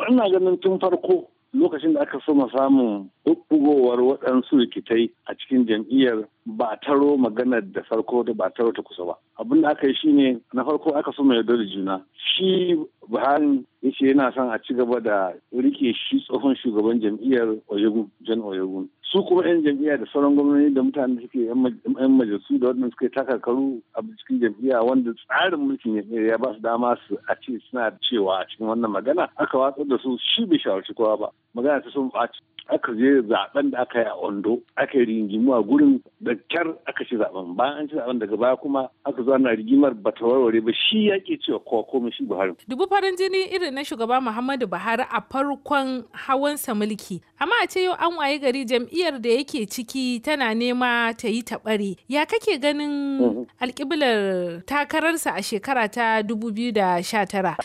ina ganin tun farko lokacin da aka soma samun bubbugowar waɗansu rikitai a cikin jam'iyyar ba taro maganar da farko da ba taro ta kusa ba abin da aka yi shine na farko aka so mai da juna shi buhari yace yana son a ci gaba da rike shi tsohon shugaban jam'iyyar oyegun jan oyegun su kuma 'yan jam'iyya da sauran gwamnati da mutane suke 'yan majalisu da waɗanda suke taka karu a cikin jam'iyya wanda tsarin mulkin jam'iyyar ya ba su dama su a ce suna cewa a cikin wannan magana aka watsar da su shi bai shawarci kowa ba magana ta sun ɓaci aka je zaben da aka yi a Ondo aka yi rigimu a gurin da kyar aka ci zaben bayan an ci zaben daga baya kuma aka zo ana rigimar ba ta warware ba shi ya ke cewa ko komai shi Buhari. Dubu farin jini irin na shugaba Muhammadu Buhari a farkon hawansa mulki amma a ce yau an waye gari jam'iyyar da yake ciki tana nema ta yi taɓare ya kake ganin mhm. alƙiblar takararsa a shekara ta 2019.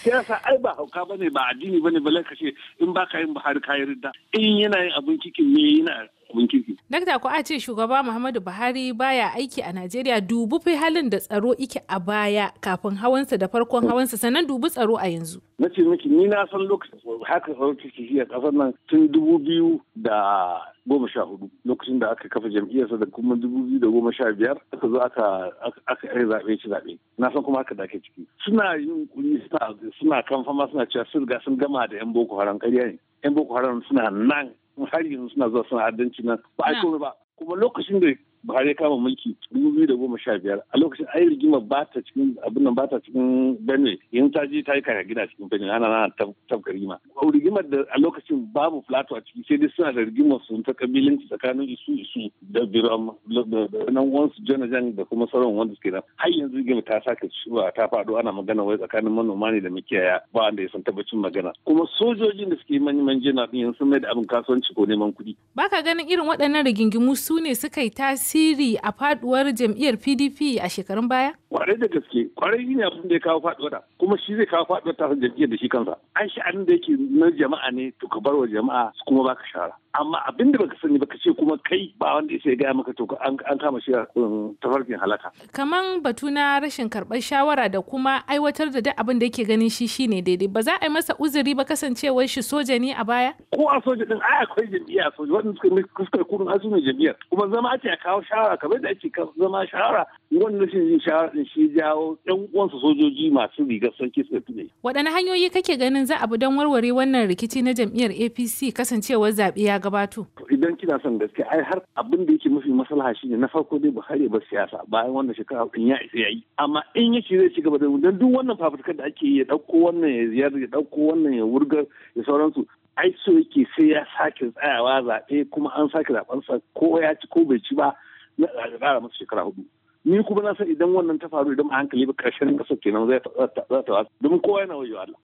Siyasa ai ba hauka bane ba addini bane ba lakace in ba ka yin Buhari yi ridda in yana yin abin aikin ne yana abin kirki. Dakta a ce shugaba Muhammadu Buhari baya aiki a Najeriya dubu fi halin da tsaro ike a baya kafin hawansa da farkon hawansa sannan dubu tsaro a yanzu. Na ce miki ni na san lokacin haka tsaro ta ke a kasar nan tun dubu biyu da goma sha hudu lokacin da aka kafa jam'iyyarsa da kuma dubu biyu da goma sha biyar aka zo aka aka yi zaɓe ci zaɓe na san kuma haka da ake ciki suna yin kuri suna suna kan fama suna cewa sun riga sun gama da yan boko haram ƙarya ne yan boko haram suna nan har yanzu suna zuwa suna addanci nan ba a komai ba kuma lokacin da Buhari kama mulki dubu da goma sha biyar a lokacin ayi rigima ba ta cikin abin nan ba ta cikin Benue in ta je ta yi kaka gida cikin Benue ana na tabka rigima. Rigimar da a lokacin babu Plato a ciki sai dai suna da rigimar su ta kabilanci tsakanin isu isu da biram da nan wansu jan da kuma sauran wanda suke nan. Har yanzu rigima ta sake shuwa ta faɗo ana magana wai tsakanin manoma ne da makiyaya ba wanda ya san tabbacin magana. Kuma sojojin da suke manyan yanzu sun mai da abin kasuwanci ko neman kuɗi. ka ganin irin waɗannan rigingimu su ne suka yi tasiri tasiri a faduwar jam'iyyar PDP a shekarun baya? kwarai da gaske kwarai ne abin da ya kawo faduwar ta kuma shi zai kawo faduwar ta jam'iyyar da shi kansa an sha'anin da yake na jama'a ne to ka bar wa jama'a su kuma baka shara amma abin da baka sani baka ce kuma kai ba wanda ya gaya maka to an kama shi um, ta farkin halaka kaman batu na rashin karɓar shawara da kuma aiwatar da duk abin da yake ganin shi shine daidai ba za a yi masa uzuri ba kasancewar shi soja ne a baya ko a soja din ai akwai jam'iyya soja wanda suka kuskure kurun asu ne jam'iyyar kuma zama ce a kawo shawara kamar da ake zama shawara wannan shi shawara din shi jawo yan uwansu sojoji masu rigar sarki suka tune. Waɗanne hanyoyi kake ganin za a bi don warware wannan rikici na jam'iyyar APC kasancewar zaɓe ya gabato? Idan kina son gaske ai har abin da yake mafi maslaha shi ne na farko dai Buhari ba siyasa bayan wannan shekara in ya isa ya yi. amma in yake zai ci gaba da don duk wannan fafutukar da ake yi ya ɗauko wannan ya ziyarar ya ɗauko wannan ya wurgar da sauransu ai so yake sai ya sake tsayawa zaɓe kuma an sake zaɓensa ko ya ci ko bai ci ba ya ƙara masa shekara hudu. ni kuma na san idan wannan ta faru idan hankali ba karshen kasar kenan zai ta domin kowa yana wayo Allah